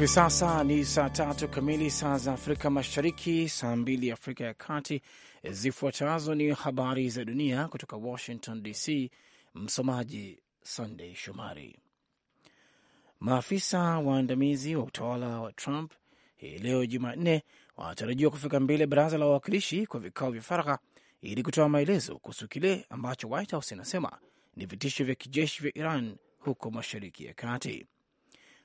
Hivi sasa ni saa tatu kamili saa za Afrika Mashariki, saa mbili Afrika ya Kati. Zifuatazo ni habari za dunia kutoka Washington DC. Msomaji Sandey Shomari. Maafisa waandamizi wa utawala wa Trump hii leo Jumanne wanatarajiwa kufika mbele baraza la wawakilishi kwa vikao vya faragha ili kutoa maelezo kuhusu kile ambacho White House inasema ni vitisho vya kijeshi vya Iran huko Mashariki ya Kati.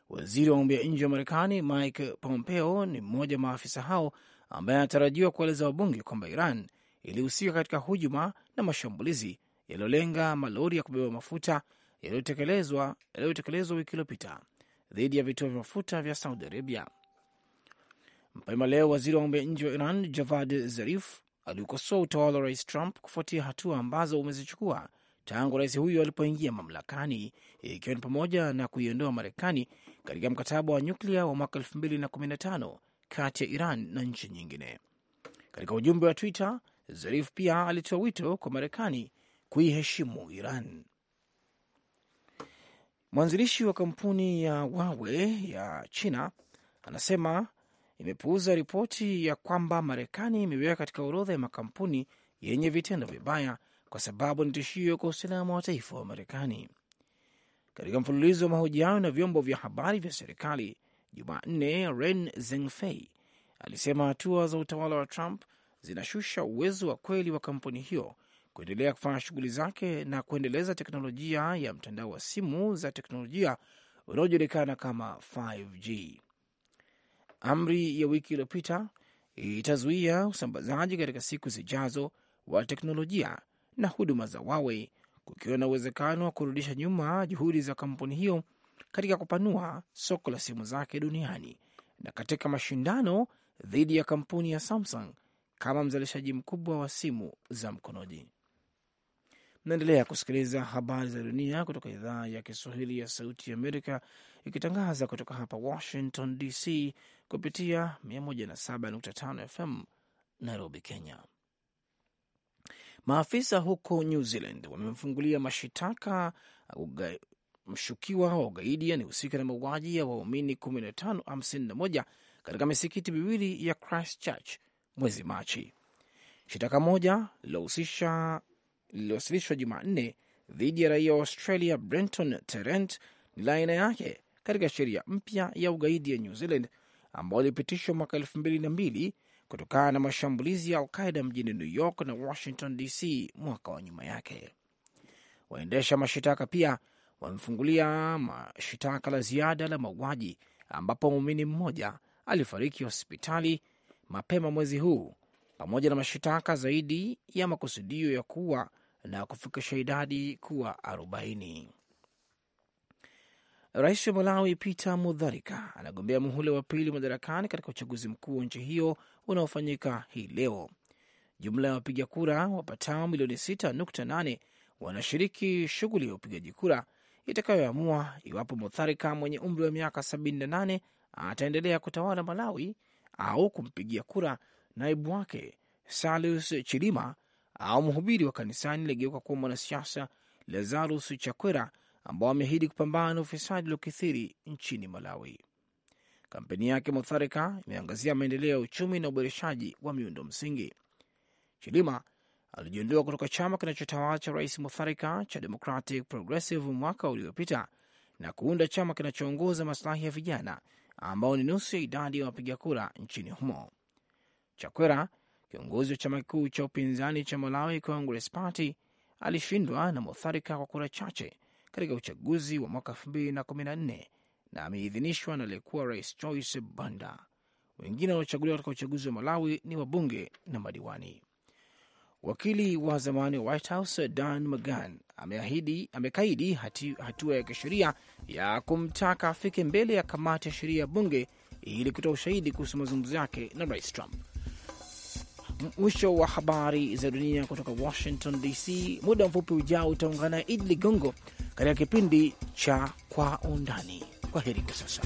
Waziri wa mambo ya nje wa Marekani Mike Pompeo ni mmoja wa maafisa hao ambaye anatarajiwa kueleza wabunge kwamba Iran ilihusika katika hujuma na mashambulizi yaliyolenga malori ya kubeba mafuta yaliyotekelezwa wiki iliyopita dhidi ya vituo vya mafuta vya Saudi Arabia. Mapema leo waziri wa mambo ya nje wa Iran Javad Zarif aliukosoa utawala wa rais Trump kufuatia hatua ambazo umezichukua tangu rais huyo alipoingia mamlakani, ikiwa ni pamoja na kuiondoa Marekani katika mkataba wa nyuklia wa mwaka 2015 kati ya Iran na nchi nyingine. Katika ujumbe wa Twitter, Zarif pia alitoa wito kwa Marekani kuiheshimu Iran. Mwanzilishi wa kampuni ya Huawei ya China anasema imepuuza ripoti ya kwamba Marekani imeweka katika orodha ya makampuni yenye vitendo vibaya kwa sababu ni tishio kwa usalama wa taifa wa Marekani. Katika mfululizo wa mahojiano na vyombo vya habari vya serikali Jumanne, Ren Zengfei alisema hatua za utawala wa Trump zinashusha uwezo wa kweli wa kampuni hiyo kuendelea kufanya shughuli zake na kuendeleza teknolojia ya mtandao wa simu za teknolojia unaojulikana kama 5G. Amri ya wiki iliyopita itazuia usambazaji katika siku zijazo wa teknolojia na huduma za Huawei kukiwa na uwezekano wa kurudisha nyuma juhudi za kampuni hiyo katika kupanua soko la simu zake duniani na katika mashindano dhidi ya kampuni ya Samsung kama mzalishaji mkubwa wa simu za mkononi. Mnaendelea kusikiliza habari za dunia kutoka idhaa ya Kiswahili ya Sauti ya Amerika, ikitangaza kutoka hapa Washington DC kupitia 107.5 FM Nairobi, Kenya. Maafisa huko New Zealand wamemfungulia mashitaka mshukiwa wa ugaidi anayehusika na mauaji ya waumini 1551 katika misikiti miwili ya Christchurch mwezi Machi. Shitaka moja lililowasilishwa Jumanne dhidi ya raia wa Australia Brenton Tarrant ni la aina yake katika sheria mpya ya ugaidi ya New Zealand ambayo ilipitishwa mwaka elfu mbili na mbili kutokana na mashambulizi ya Alqaida mjini New York na Washington DC mwaka wa nyuma yake. Waendesha mashitaka pia wamefungulia mashitaka la ziada la mauaji ambapo muumini mmoja alifariki hospitali mapema mwezi huu pamoja na mashitaka zaidi ya makusudio ya kuwa na kufikisha idadi kuwa arobaini. Rais wa Malawi Peter Mutharika anagombea muhula wa pili madarakani katika uchaguzi mkuu wa nchi hiyo unaofanyika hii leo. Jumla ya wapiga kura wapatao milioni 6.8 wanashiriki shughuli ya upigaji kura itakayoamua iwapo Mutharika mwenye umri wa miaka 78 ataendelea kutawala Malawi au kumpigia kura naibu wake Salus Chilima au mhubiri wa kanisani aliyegeuka kuwa mwanasiasa Lazarus Chakwera ambao ameahidi kupambana na ufisadi uliokithiri nchini Malawi. Kampeni yake Mutharika imeangazia maendeleo ya uchumi na uboreshaji wa miundo msingi. Chilima alijiondoa kutoka chama kinachotawala cha rais Mutharika cha Democratic Progressive mwaka uliopita na kuunda chama kinachoongoza masilahi ya vijana ambao ni nusu ya idadi ya wapiga kura nchini humo. Chakwera, kiongozi wa chama kikuu cha upinzani cha Malawi Congress Party, alishindwa na Mutharika kwa kura chache katika uchaguzi wa mwaka 2014 na ameidhinishwa na aliyekuwa rais Joyce Banda. Wengine wanaochaguliwa katika uchaguzi wa Malawi ni wabunge na madiwani. Wakili wa zamani wa White House Dan McGahn ameahidi amekaidi hatua ya kisheria ya kumtaka afike mbele ya kamati ya sheria ya bunge ili kutoa ushahidi kuhusu mazungumzo yake na rais Trump. Mwisho wa habari za dunia kutoka Washington DC. Muda mfupi ujao utaungana na Idi Ligongo katika kipindi cha Kwa Undani. Kwa heri kwa sasa.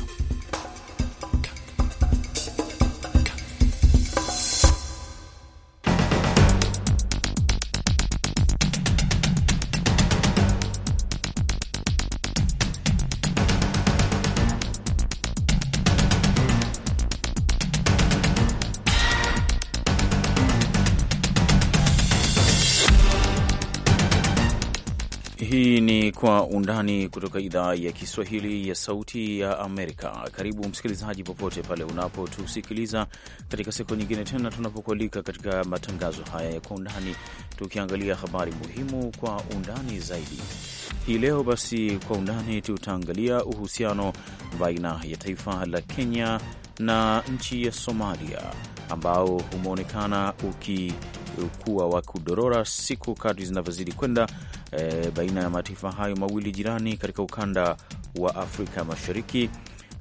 Kwa Undani kutoka idhaa ya Kiswahili ya Sauti ya Amerika. Karibu msikilizaji, popote pale unapotusikiliza katika siku nyingine tena, tunapokualika katika matangazo haya ya Kwa Undani, tukiangalia habari muhimu kwa undani zaidi. Hii leo basi, kwa undani tutaangalia uhusiano baina ya taifa la Kenya na nchi ya Somalia ambao umeonekana ukikuwa wa kudorora siku kadri zinavyozidi kwenda e, baina ya mataifa hayo mawili jirani katika ukanda wa Afrika Mashariki,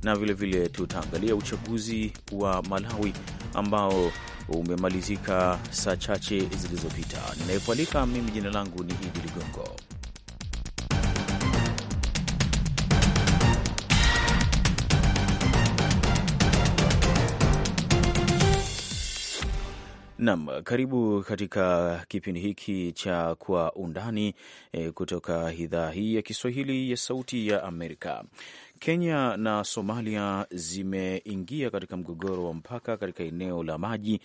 na vilevile tutaangalia uchaguzi wa Malawi ambao umemalizika saa chache zilizopita. Ninayekualika mimi, jina langu ni Idi Ligongo. nam karibu katika kipindi hiki cha Kwa Undani e, kutoka idhaa hii ya Kiswahili ya Sauti ya Amerika. Kenya na Somalia zimeingia katika mgogoro wa mpaka katika eneo la maji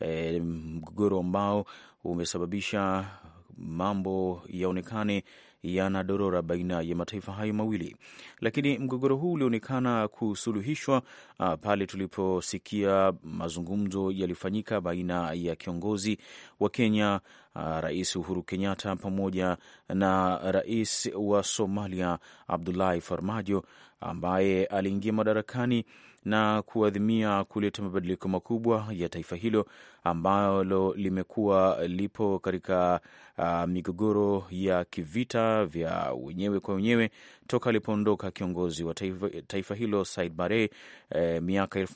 e, mgogoro ambao umesababisha mambo yaonekane yana dorora baina ya mataifa hayo mawili, lakini mgogoro huu ulionekana kusuluhishwa uh, pale tuliposikia mazungumzo yalifanyika baina ya kiongozi wa Kenya uh, Rais Uhuru Kenyatta pamoja na rais wa Somalia Abdullahi Farmajo ambaye aliingia madarakani na kuadhimia kuleta mabadiliko makubwa ya taifa hilo ambalo limekuwa lipo katika uh, migogoro ya kivita vya wenyewe kwa wenyewe toka alipoondoka kiongozi wa taifa, taifa hilo Said Barre eh, miaka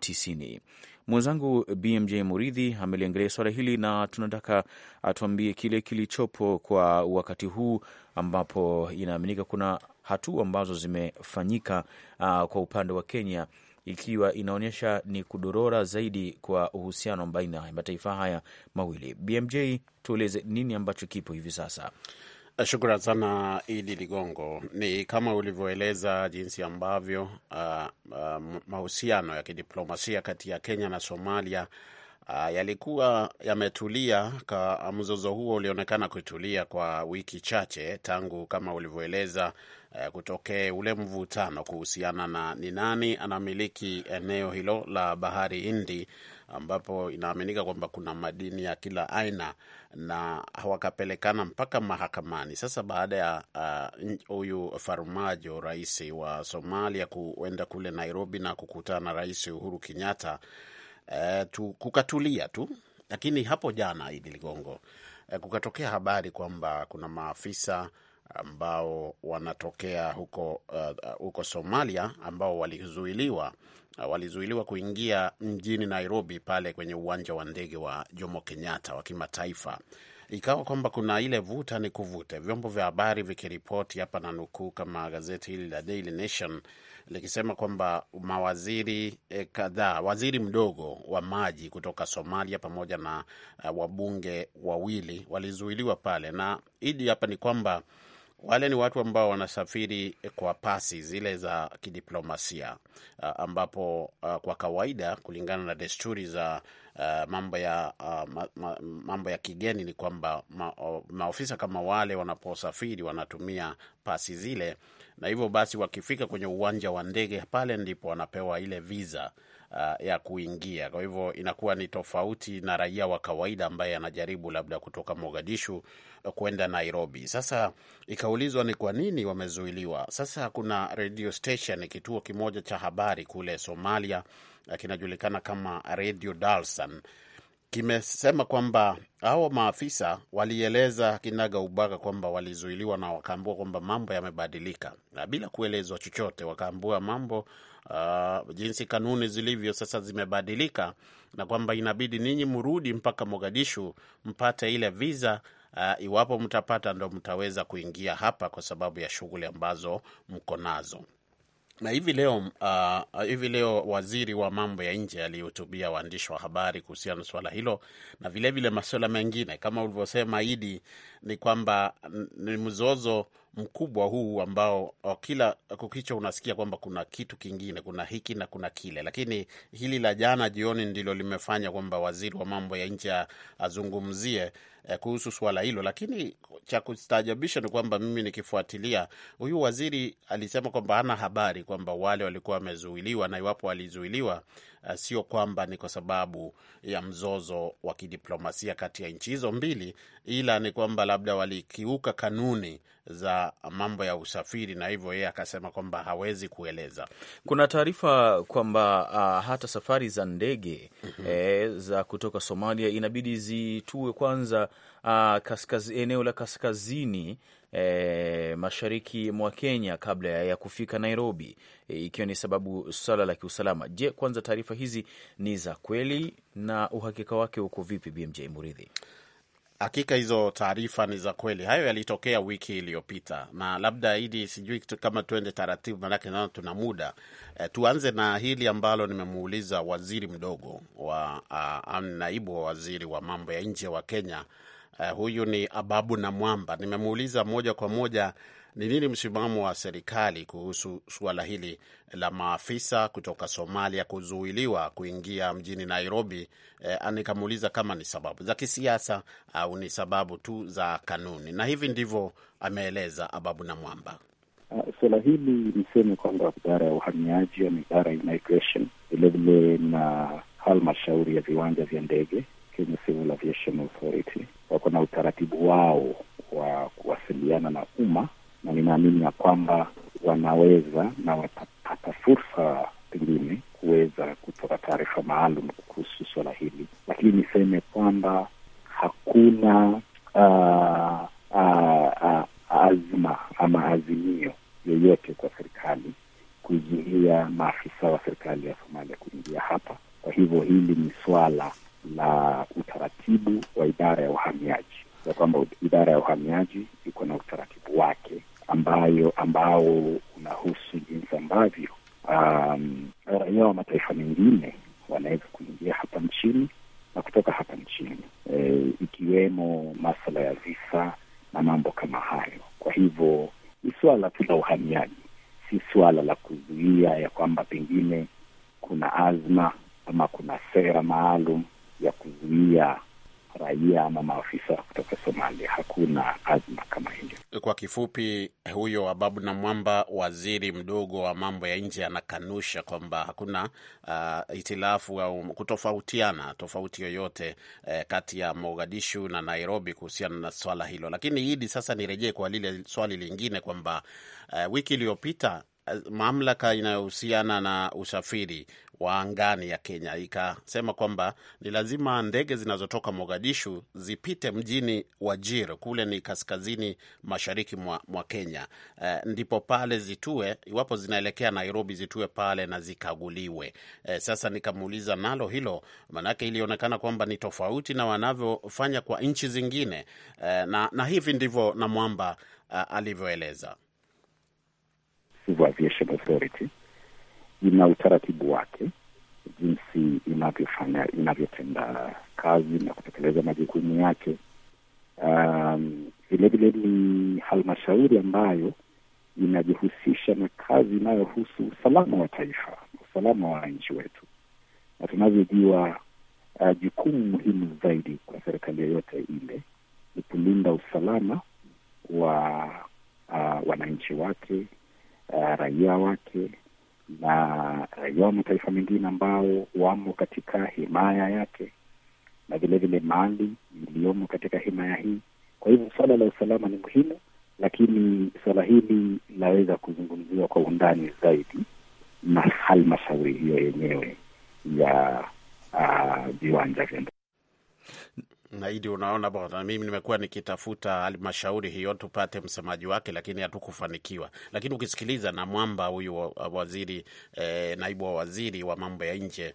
tisini. Mwenzangu BMJ Muridhi ameliangalia swala hili na tunataka atuambie kile kilichopo kwa wakati huu ambapo inaaminika kuna hatua ambazo zimefanyika uh, kwa upande wa Kenya ikiwa inaonyesha ni kudorora zaidi kwa uhusiano baina ya mataifa haya mawili. BMJ, tueleze nini ambacho kipo hivi sasa? Uh, Shukran sana Idi Ligongo. Ni kama ulivyoeleza jinsi ambavyo uh, uh, mahusiano ya kidiplomasia kati ya Kenya na Somalia Uh, yalikuwa yametulia ka, mzozo huo ulionekana kutulia kwa wiki chache tangu kama ulivyoeleza, uh, kutokee ule mvutano kuhusiana na ni nani anamiliki eneo hilo la Bahari Hindi ambapo inaaminika kwamba kuna madini ya kila aina na wakapelekana mpaka mahakamani. Sasa baada ya ah, huyu uh, Farmajo, rais wa Somalia, kuenda kule Nairobi na kukutana na Rais Uhuru Kenyatta eh, tu, kukatulia tu, lakini hapo jana Idi Ligongo eh, kukatokea habari kwamba kuna maafisa ambao wanatokea huko, uh, huko Somalia ambao walizuiliwa eh, walizuiliwa kuingia mjini Nairobi pale kwenye uwanja wa ndege wa Jomo Kenyatta wa kimataifa ikawa kwamba kuna ile vuta ni kuvute, vyombo vya habari vikiripoti hapa na nukuu, kama gazeti hili la Daily Nation likisema kwamba mawaziri eh, kadhaa, waziri mdogo wa maji kutoka Somalia pamoja na uh, wabunge wawili walizuiliwa pale, na idi hapa ni kwamba wale ni watu ambao wanasafiri kwa pasi zile za kidiplomasia, ah, ambapo ah, kwa kawaida, kulingana na desturi za uh, mambo ya uh, ma, ma, mambo ya kigeni ni kwamba ma, o, maofisa kama wale wanaposafiri wanatumia pasi zile, na hivyo basi wakifika kwenye uwanja wa ndege pale ndipo wanapewa ile visa uh, ya kuingia. Kwa hivyo inakuwa ni tofauti na raia wa kawaida ambaye anajaribu labda kutoka Mogadishu uh, kwenda Nairobi. Sasa ikaulizwa ni kwa nini wamezuiliwa. Sasa kuna radio station, kituo kimoja cha habari kule Somalia uh, kinajulikana kama Radio Dalsan kimesema kwamba hao maafisa walieleza kinaga ubaga kwamba walizuiliwa na wakaambua kwamba mambo yamebadilika, na bila kuelezwa chochote wakaambua mambo uh, jinsi kanuni zilivyo sasa zimebadilika, na kwamba inabidi ninyi mrudi mpaka Mogadishu mpate ile visa uh, iwapo mtapata ndo mtaweza kuingia hapa kwa sababu ya shughuli ambazo mko nazo na hivi leo uh, hivi leo waziri wa mambo ya nje alihutubia waandishi wa habari kuhusiana na suala hilo na vilevile masuala mengine kama ulivyosema, Idi, ni kwamba ni mzozo mkubwa huu ambao uh, kila uh, kukicha unasikia kwamba kuna kitu kingine, kuna hiki na kuna kile, lakini hili la jana jioni ndilo limefanya kwamba waziri wa mambo ya nje azungumzie eh, kuhusu suala hilo, lakini cha kustaajabisha ni kwamba mimi nikifuatilia, huyu waziri alisema kwamba hana habari kwamba wale walikuwa wamezuiliwa, na iwapo walizuiliwa eh, sio kwamba ni kwa sababu ya mzozo wa kidiplomasia kati ya nchi hizo mbili, ila ni kwamba labda walikiuka kanuni za mambo ya usafiri, na hivyo yeye akasema kwamba hawezi kueleza. Kuna taarifa kwamba uh, hata safari za ndege mm -hmm. eh, za kutoka Somalia inabidi zitue kwanza uh, eneo la kaskazini E, mashariki mwa Kenya kabla ya kufika Nairobi e, ikiwa ni sababu swala la kiusalama. Je, kwanza taarifa hizi ni za kweli na uhakika wake uko vipi, BMJ Muridhi? Hakika hizo taarifa ni za kweli. Hayo yalitokea wiki iliyopita, na labda Idi, sijui kama tuende taratibu, manake naona tuna muda e, tuanze na hili ambalo nimemuuliza waziri mdogo wa a, naibu wa waziri wa mambo ya nje wa Kenya Uh, huyu ni Ababu na Mwamba. Nimemuuliza moja kwa moja ni nini msimamo wa serikali kuhusu suala hili la maafisa kutoka Somalia kuzuiliwa kuingia mjini Nairobi. Eh, nikamuuliza kama ni sababu za kisiasa au ni sababu tu za kanuni, na hivi ndivyo ameeleza Ababu na Mwamba. Uh, suala hili niseme kwamba idara ya uhamiaji ama idara ya immigration vilevile na halmashauri ya viwanja vya ndege Kenya Civil Aviation Authority wako na utaratibu wao wa kuwasiliana na umma, na ninaamini ya kwamba wanaweza na watapata fursa pengine kuweza kutoa taarifa maalum kuhusu swala hili, lakini niseme kwamba hakuna uh, uh, uh, azma ama azimio yoyote kwa serikali kuzuia maafisa wa serikali ya Somalia kuingia hapa. Kwa hivyo hili ni swala la mujibu wa idara ya uhamiaji, ya kwamba idara ya uhamiaji kifupi, huyo Ababu na Mwamba, waziri mdogo wa mambo ya nje, anakanusha kwamba hakuna uh, itilafu au kutofautiana tofauti yoyote eh, kati ya Mogadishu na Nairobi kuhusiana na swala hilo. Lakini hidi sasa nirejee kwa lile swali lingine kwamba uh, wiki iliyopita mamlaka inayohusiana na usafiri wa angani ya Kenya ikasema kwamba ni lazima ndege zinazotoka Mogadishu zipite mjini Wajir, kule ni kaskazini mashariki mwa, mwa Kenya e, ndipo pale zitue, iwapo zinaelekea Nairobi zitue pale na zikaguliwe. E, sasa nikamuuliza nalo hilo, maanake ilionekana kwamba ni tofauti na wanavyofanya kwa nchi zingine e, na, na hivi ndivyo Namwamba alivyoeleza. Civil Aviation Authority ina utaratibu wake jinsi inavyofanya inavyotenda kazi na kutekeleza majukumu yake. Vilevile um, ni halmashauri ambayo inajihusisha na kazi inayohusu usalama wa taifa, usalama wa wananchi wetu, na tunavyojua uh, jukumu muhimu zaidi kwa serikali yoyote ile ni kulinda usalama wa uh, wananchi wake uh, raia wake na raia wa mataifa mengine ambao wamo katika himaya yake na vilevile mali iliyomo katika himaya hii. Kwa hivyo suala la usalama ni muhimu, lakini suala hili linaweza kuzungumziwa kwa undani zaidi na halmashauri hiyo yenyewe ya ah, viwanja uh, vya Naidi, unaona bwana, mimi nimekuwa nikitafuta halmashauri hiyo tupate msemaji wake, lakini hatukufanikiwa. Lakini ukisikiliza na mwamba huyu waziri eh, naibu wa waziri wa mambo ya nje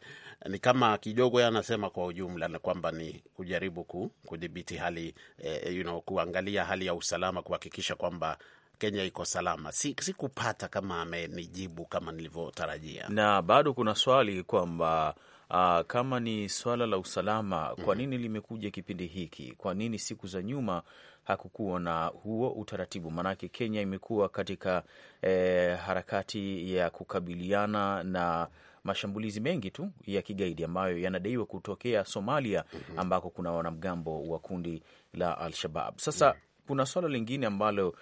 ni kama kidogo anasema kwa ujumla na kwamba ni kujaribu kudhibiti hali eh, you know, kuangalia hali ya usalama kuhakikisha kwamba Kenya iko salama. Sikupata si kama amenijibu kama nilivyotarajia, na bado kuna swali kwamba uh, kama ni swala la usalama, kwa mhm. nini limekuja kipindi hiki? Kwa nini siku za nyuma hakukuwa na huo utaratibu? Maanake Kenya imekuwa katika eh, harakati ya kukabiliana na mashambulizi mengi tu ya kigaidi ambayo yanadaiwa kutokea Somalia, mhm. ambako kuna wanamgambo wa kundi la Al-Shabab. Sasa mhm. kuna swala lingine ambalo uh,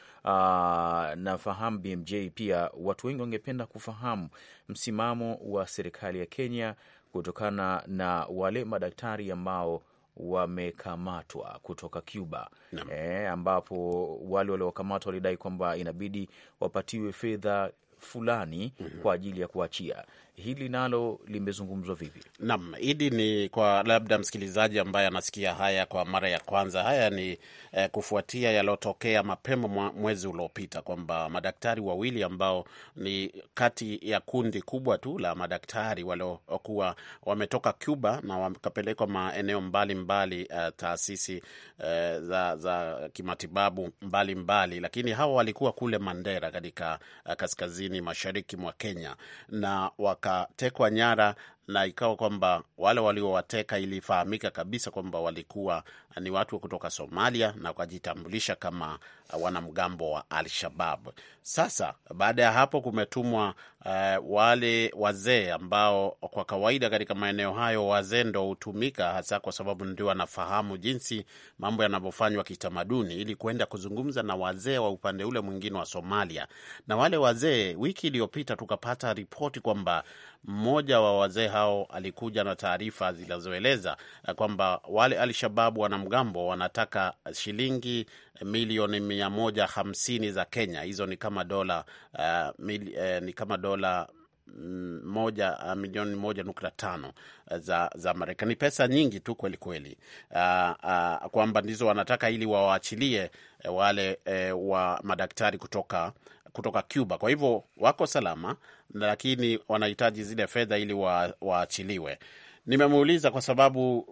nafahamu BMJ, pia watu wengi wangependa kufahamu msimamo wa serikali ya Kenya kutokana na wale madaktari ambao wamekamatwa kutoka Cuba e, ambapo wale waliokamatwa walidai kwamba inabidi wapatiwe fedha fulani mm -hmm. kwa ajili ya kuachia hili nalo limezungumzwa vipi? Naam, hili ni kwa labda msikilizaji ambaye anasikia haya kwa mara ya kwanza, haya ni eh, kufuatia yaliyotokea mapema mwezi uliopita kwamba madaktari wawili ambao ni kati ya kundi kubwa tu la madaktari waliokuwa wametoka Cuba na wakapelekwa maeneo mbalimbali mbali, uh, eh, taasisi uh, za, za kimatibabu mbalimbali mbali. Lakini hawa walikuwa kule Mandera katika uh, kaskazini mashariki mwa Kenya na wak wakatekwa nyara na ikawa kwamba wale waliowateka ilifahamika kabisa kwamba walikuwa ni watu kutoka Somalia na wakajitambulisha kama wanamgambo wa Al-Shabab. Sasa baada ya hapo kumetumwa uh, wale wazee ambao kwa kawaida katika maeneo hayo wazee ndo hutumika hasa, kwa sababu ndio wanafahamu jinsi mambo yanavyofanywa kitamaduni, ili kuenda kuzungumza na wazee wa upande ule mwingine wa Somalia. Na wale wazee, wiki iliyopita tukapata ripoti kwamba mmoja wa wazee hao alikuja na taarifa zinazoeleza kwamba wale Alshababu wanamgambo wanataka shilingi milioni mia moja hamsini za Kenya. Hizo ni kama dola uh, mil, uh, eh, ni kama dola mm, moja uh, milioni moja nukta tano uh, za, za Marekani. Pesa nyingi tu kweli kweli, uh, kwamba ndizo wanataka ili wawaachilie eh, wale uh, wa madaktari kutoka kutoka Cuba. Kwa hivyo wako salama, lakini wanahitaji zile fedha ili waachiliwe wa nimemuuliza kwa sababu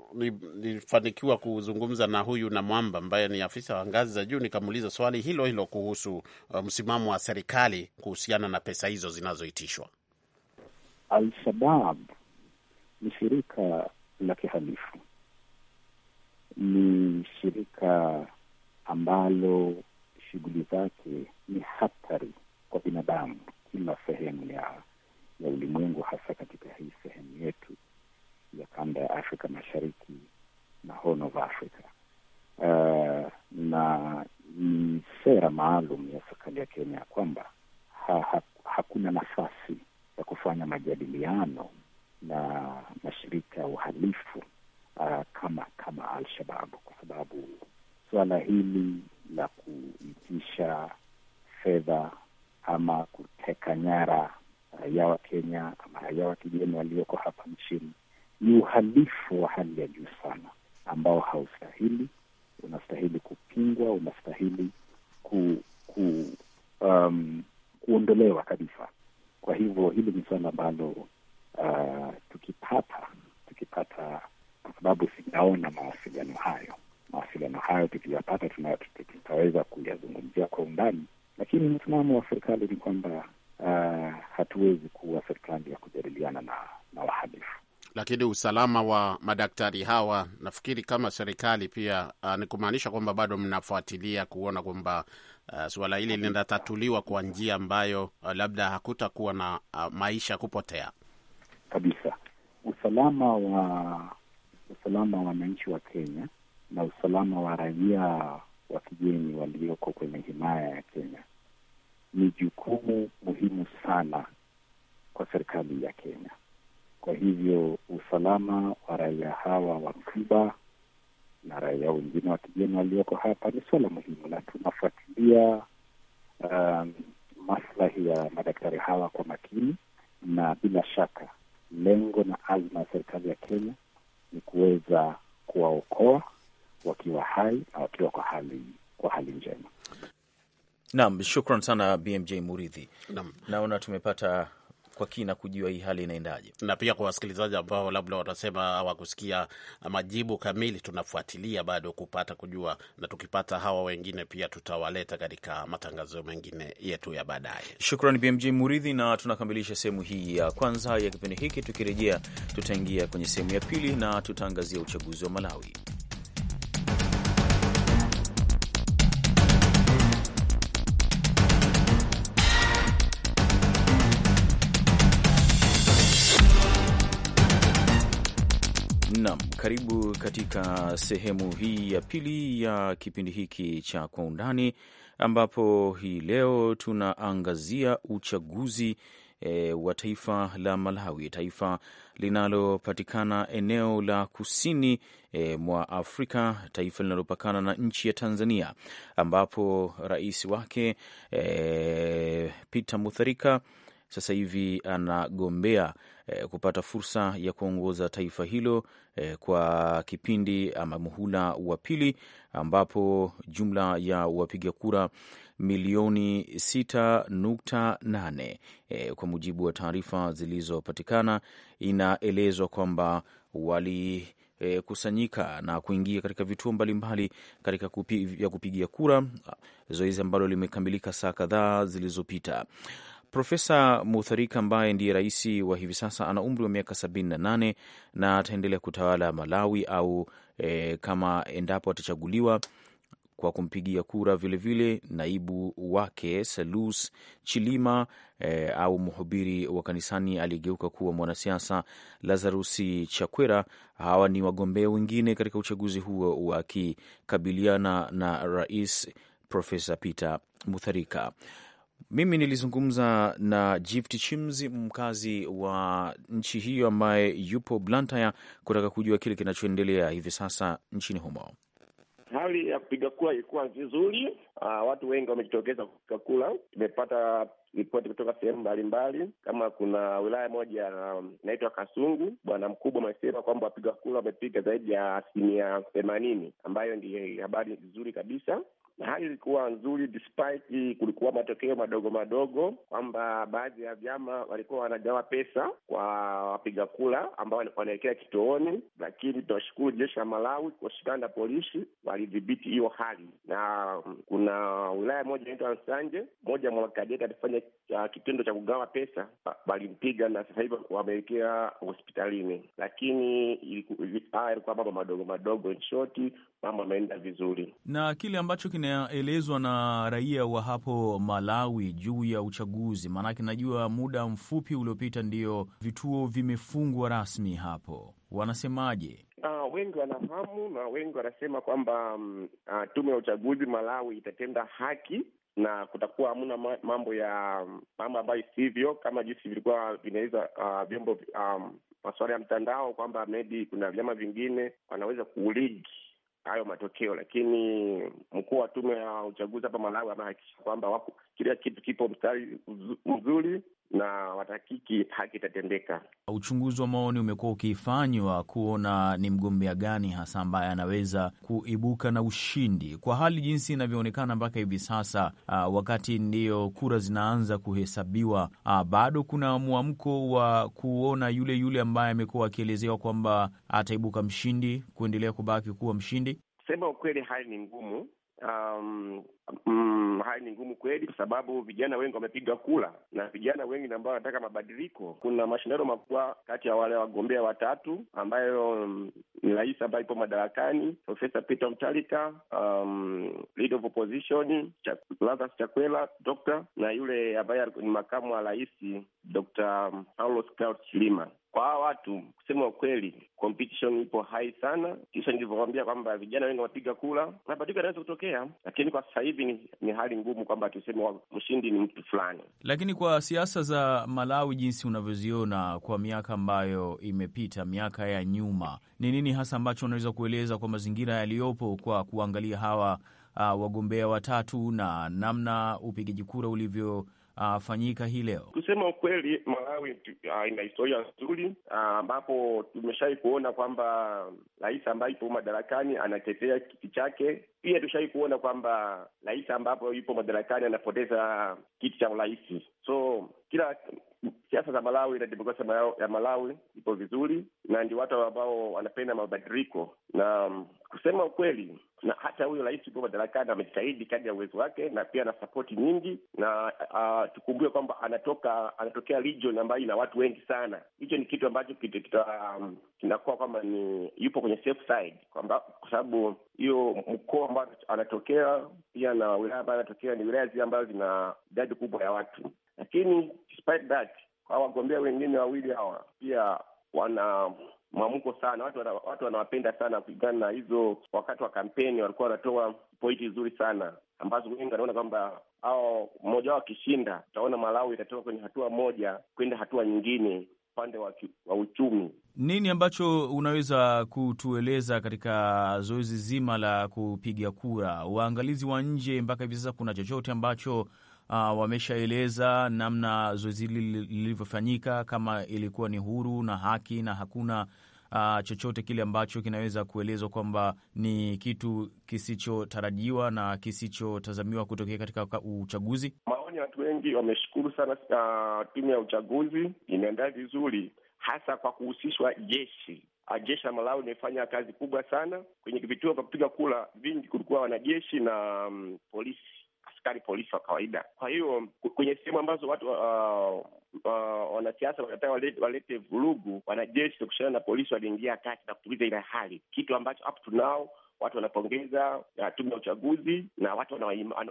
nilifanikiwa kuzungumza na huyu na Mwamba ambaye ni afisa wa ngazi za juu. Nikamuuliza swali hilo hilo kuhusu uh, msimamo wa serikali kuhusiana na pesa hizo zinazoitishwa. Al-Shabab ni shirika la kihalifu, ni shirika ambalo shughuli zake ni hatari kwa binadamu kila sehemu ya ya ulimwengu, hasa katika hii sehemu yetu ya kanda ya Afrika Mashariki na Horn of Africa. Uh, na ni sera maalum ya serikali ya Kenya ya kwamba ha, ha, hakuna nafasi ya kufanya majadiliano na mashirika ya uhalifu uh, kama kama Al-Shababu, kwa sababu suala hili la kuitisha fedha ama kuteka nyara raia wa Kenya ama raia wa kigeni walioko hapa nchini ni uhalifu wa hali ya juu sana, ambao haustahili, unastahili kupingwa, unastahili ku, ku, um, kuondolewa kabisa. Kwa hivyo hili ni suala ambalo uh, tukipata tukipata, kwa sababu sinaona mawasiliano hayo mawasiliano hayo tukiyapata, tutaweza kuyazungumzia kwa undani. Lakini msimamo wa serikali ni kwamba uh, hatuwezi kuwa serikali ya kujadiliana na, na wahalifu. Lakini usalama wa madaktari hawa, nafikiri kama serikali pia uh, ni kumaanisha kwamba bado mnafuatilia kuona kwamba uh, suala hili linatatuliwa kwa njia ambayo uh, labda hakutakuwa na uh, maisha kupotea kabisa. Usalama wa usalama wa wananchi wa Kenya na usalama wa raia wa kigeni walioko kwenye himaya ya Kenya ni jukumu muhimu sana kwa serikali ya Kenya. Kwa hivyo usalama wa raia hawa wa kuba na raia wengine wa kigeni walioko hapa ni suala muhimu, na tunafuatilia um, maslahi ya madaktari hawa kwa makini, na bila shaka lengo na azma ya serikali ya Kenya ni kuweza kuwaokoa wakiwa hai na wakiwa kwa hali, kwa hali njema. Naam, shukran sana BMJ Muridhi. Naona tumepata kwa kina kujua hii hali inaendaje, na pia kwa wasikilizaji ambao labda watasema hawakusikia majibu kamili, tunafuatilia bado kupata kujua, na tukipata hawa wengine pia tutawaleta katika matangazo mengine yetu ya baadaye. Shukrani BMJ Muridhi, na tunakamilisha sehemu hii ya kwanza ya kipindi hiki. Tukirejea tutaingia kwenye sehemu ya pili na tutaangazia uchaguzi wa Malawi. Karibu katika sehemu hii ya pili ya kipindi hiki cha Kwa Undani, ambapo hii leo tunaangazia uchaguzi e, wa taifa la Malawi, taifa linalopatikana eneo la kusini e, mwa Afrika, taifa linalopakana na nchi ya Tanzania, ambapo rais wake e, Peter Mutharika sasa hivi anagombea eh, kupata fursa ya kuongoza taifa hilo eh, kwa kipindi ama muhula wa pili, ambapo jumla ya wapiga kura milioni 6.8 eh, kwa mujibu wa taarifa zilizopatikana inaelezwa kwamba wali eh, kusanyika na kuingia katika vituo mbalimbali katika kupi, ya kupigia kura, zoezi ambalo limekamilika saa kadhaa zilizopita. Profesa Mutharika ambaye ndiye rais wa hivi sasa ana umri wa miaka 78 na ataendelea kutawala Malawi au e, kama endapo atachaguliwa kwa kumpigia kura vilevile vile, naibu wake Salus Chilima e, au mhubiri wa kanisani aliyegeuka kuwa mwanasiasa Lazarusi Chakwera. Hawa ni wagombea wengine katika uchaguzi huo wakikabiliana na rais Profesa Peter Mutharika. Mimi nilizungumza na Gift Chimzi, mkazi wa nchi hiyo ambaye yupo Blantyre, kutaka kujua kile kinachoendelea hivi sasa nchini humo. Hali ya kupiga kura ilikuwa vizuri Uh, watu wengi wamejitokeza kupiga kura. Tumepata ripoti kutoka sehemu mbalimbali, kama kuna wilaya moja um, inaitwa um, Kasungu, bwana mkubwa amesema kwamba wapiga kura wamepiga zaidi ya asilimia themanini, ambayo ndiyo habari nzuri kabisa hali ilikuwa nzuri, despite kulikuwa matokeo madogo madogo kwamba baadhi ya vyama walikuwa wanagawa pesa kwa wapiga kura ambao wanaelekea kituoni, lakini tunashukuru jeshi la Malawi kwa na polisi walidhibiti hiyo hali, na mm, kuna wilaya moja inaitwa Nsanje, moja mwa kadeta alifanya uh, kitendo cha kugawa pesa, walimpiga na sasa hivi wameelekea hospitalini, lakini haya ilikuwa mambo madogo madogo. In short, mambo ameenda vizuri. Na kile ambacho kinaelezwa na raia wa hapo Malawi juu ya uchaguzi, maanake najua muda mfupi uliopita ndio vituo vimefungwa rasmi hapo, wanasemaje? Uh, wengi wanafahamu na wengi wanasema kwamba um, uh, tume ya uchaguzi Malawi itatenda haki na kutakuwa hamna mambo ya mm, mambo ambayo sivyo kama jinsi vilikuwa vinaweza uh, ah, vyombo um, mm, masuala ya mtandao kwamba maybe kuna vyama vingine wanaweza kuuligi hayo matokeo, lakini mkuu wa tume ya uchaguzi hapa Malawi amehakikisha kwamba kila kitu kipo mstari mzuri, na watahakiki haki itatendeka. Uchunguzi wa maoni umekuwa ukifanywa kuona ni mgombea gani hasa ambaye anaweza kuibuka na ushindi kwa hali jinsi inavyoonekana mpaka hivi sasa. Uh, wakati ndiyo kura zinaanza kuhesabiwa, uh, bado kuna mwamko wa kuona yule yule ambaye amekuwa akielezewa kwamba ataibuka mshindi kuendelea kubaki kuwa mshindi. Sema ukweli, hali ni ngumu um, mm, hali ni ngumu kweli, kwa sababu vijana wengi wamepiga kula na vijana wengi ambao wanataka mabadiliko. Kuna mashindano makubwa kati ya wale wagombea watatu ambayo mm, ni rais ambaye ipo madarakani Profesa Peter Mtalika, um, leader of opposition Lazarus Chakwera dokta, na yule ambaye ni makamu wa rais Dr. Paulo Scout Chilima kwa hawa watu kusema ukweli, competition ipo hai sana. Kisha nilivyokwambia kwamba vijana wengi wanapiga kula, mabadiliko yanaweza kutokea, lakini kwa sasa hivi ni, ni hali ngumu kwamba tuseme mshindi ni mtu fulani. Lakini kwa siasa za Malawi jinsi unavyoziona kwa miaka ambayo imepita, miaka ya nyuma, ni nini hasa ambacho unaweza kueleza kwa mazingira yaliyopo kwa kuangalia hawa uh, wagombea watatu na namna upigaji kura ulivyo fanyika hii leo? Kusema ukweli, Malawi ah, ina historia nzuri ah, ambapo tumeshawai kuona kwamba rais ambaye ipo madarakani anatetea kiti chake. Pia tushawai kuona kwamba rais ambapo ipo madarakani anapoteza kiti cha urais. So kila siasa za Malawi na demokrasia ya Malawi ipo vizuri, na ndio watu ambao wanapenda mabadiliko na um, kusema ukweli, na hata huyo rais upo madarakani amejitahidi kadri ya uwezo wake, na pia ana sapoti nyingi, na uh, tukumbuke kwamba anatoka anatokea region ambayo ina watu wengi sana. Hicho ni kitu ambacho um, kinakuwa kwamba ni yupo kwenye safe side, kwa sababu hiyo mkoa ambao anatokea pia na wilaya ambayo anatokea ni wilaya zile ambazo zina idadi kubwa ya watu lakini despite that, kwa wagombea wengine wawili hawa pia wana mwamko sana, watu watu wanawapenda sana kulingana na hizo. Wakati wa kampeni walikuwa wanatoa pointi nzuri sana ambazo wengi wanaona kwamba au mmoja wao akishinda, utaona Malawi itatoka kwenye hatua moja kwenda hatua nyingine upande wa, wa uchumi. Nini ambacho unaweza kutueleza katika zoezi zima la kupiga kura, uangalizi wa nje mpaka hivi sasa, kuna chochote ambacho uh, wameshaeleza namna zoezi hili lilivyofanyika, kama ilikuwa ni huru na haki na hakuna Uh, chochote kile ambacho kinaweza kuelezwa kwamba ni kitu kisichotarajiwa na kisichotazamiwa kutokea katika uchaguzi. Maoni ya watu wengi wameshukuru sana, uh, tume ya uchaguzi imeandaa vizuri, hasa kwa kuhusishwa jeshi. Jeshi la Malawi imefanya kazi kubwa sana kwenye vituo vya kupiga kura vingi, kulikuwa wanajeshi na um, polisi askari polisi wa kawaida. Kwa hiyo kwenye sehemu ambazo watu uh, Uh, wanasiasa wanataka walete, walete vurugu, wanajeshi kushana na polisi waliingia kati na kutuliza ile hali, kitu ambacho up to now watu wanapongeza uh, tume ya uchaguzi na watu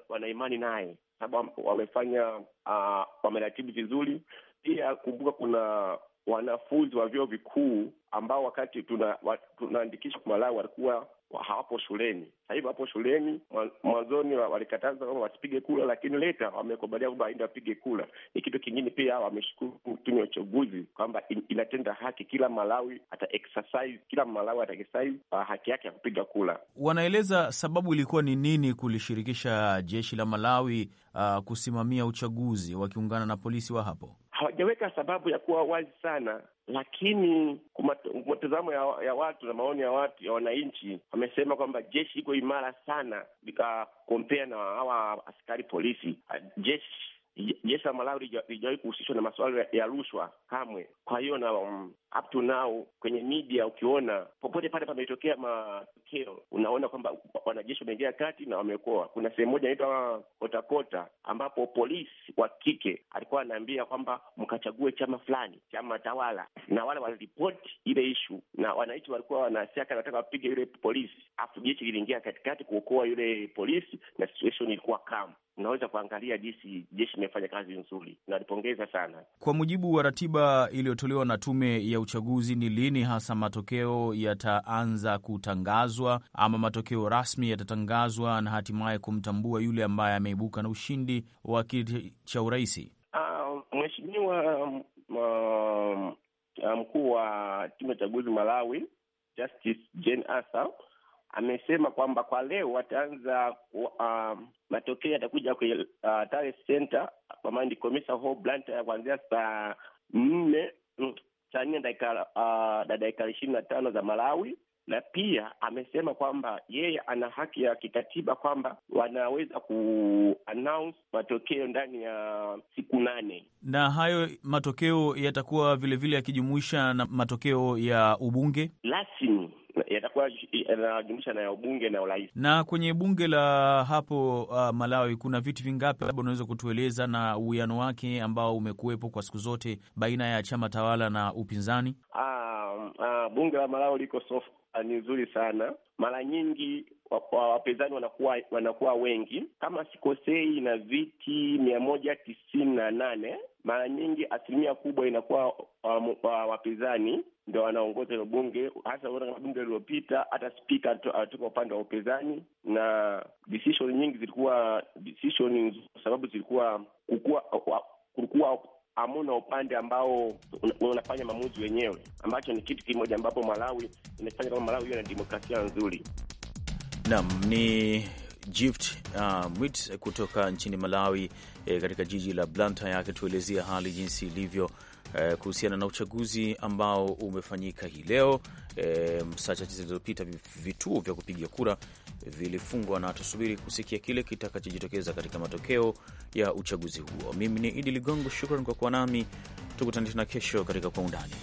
wanaimani naye, sababu wamefanya uh, wameratibu vizuri. Pia kumbuka, kuna wanafunzi wa vyuo vikuu ambao wakati tunaandikishwa tuna Malawi walikuwa hawapo shuleni. Sasa hivi hapo shuleni, mwanzoni walikataza kwamba wasipige kura, lakini leta wamekubalia kwamba waende wapige kura. Ni kitu kingine pia, wameshukuru tume ya uchaguzi kwamba inatenda haki, kila Malawi ata exercise, kila Malawi ata exercise ah, haki yake ya kupiga kura. Wanaeleza sababu ilikuwa ni nini kulishirikisha jeshi la Malawi uh, kusimamia uchaguzi wakiungana na polisi wa hapo hawajaweka sababu ya kuwa wazi sana, lakini matazamo ya, ya watu na maoni ya watu ya wananchi wamesema kwamba jeshi iko imara sana, uh, kompea na hawa askari polisi uh, jeshi jeshi la Malawi lijawahi kuhusishwa na masuala ya rushwa kamwe. Kwa hiyo na um, up to now kwenye media ukiona popote pale pametokea matokeo, unaona kwamba wanajeshi wameingia kati na wameokoa. Kuna sehemu moja inaitwa Kotakota ambapo polisi wa kike alikuwa anaambia kwamba mkachague chama fulani, chama tawala, na wale waliripoti ile ishu, na wananchi walikuwa wanasiaka, nataka wapige yule polisi, afu jeshi liliingia katikati kuokoa yule polisi na situation ilikuwa kama tunaweza kuangalia jinsi jeshi imefanya kazi nzuri, nalipongeza sana. Kwa mujibu wa ratiba iliyotolewa na tume ya uchaguzi, ni lini hasa matokeo yataanza kutangazwa ama matokeo rasmi yatatangazwa na hatimaye kumtambua yule ambaye ameibuka na ushindi wa kiti cha urais? Uh, mheshimiwa um, um, mkuu wa tume ya uchaguzi Malawi, Justice Jane Asa amesema kwamba kwa leo wataanza uh, matokeo yatakuja kwenye uh, tare Center ambayo ni Komesa Hall Branch kuanzia saa nne mm, saa nne uh, na dakika ishirini na tano za Malawi na pia amesema kwamba yeye ana haki ya kikatiba kwamba wanaweza ku matokeo ndani ya siku nane, na hayo matokeo yatakuwa vilevile yakijumuisha na matokeo ya ubunge rasmi yatakuwa yanajumuisha na ya ubunge na urais. Na kwenye bunge la hapo uh, Malawi kuna viti vingapi? Labda unaweza kutueleza na uwiano wake ambao umekuwepo kwa siku zote baina ya chama tawala na upinzani. Uh, uh, bunge la Malawi liko soft Ah, ni nzuri sana. Mara nyingi wapinzani wanakuwa wanakuwa wengi, kama sikosei, na viti mia moja tisini na nane. Mara nyingi asilimia kubwa inakuwa wapinzani ndo wanaongoza hilo bunge, hasa bunge lililopita. Hata spika atoka ah, upande wa upinzani, na decision nyingi zilikuwa decision, sababu zilikuwa kukua hamuna upande ambao unafanya maamuzi wenyewe, ambacho ni kitu kimoja ambapo Malawi imefanya kama Malawi hiyo na demokrasia nzuri. Naam, ni Gift uh, Mwit kutoka nchini Malawi, eh, katika jiji la Blanta yake tuelezea hali jinsi ilivyo eh, kuhusiana na uchaguzi ambao umefanyika hii leo eh, saa chache zilizopita. Vituo vya kupiga kura vilifungwa na tusubiri kusikia kile kitakachojitokeza katika matokeo ya uchaguzi huo. Mimi ni Idi Ligongo, shukran kwa kuwa nami, tukutane tena kesho katika Kwa Undani.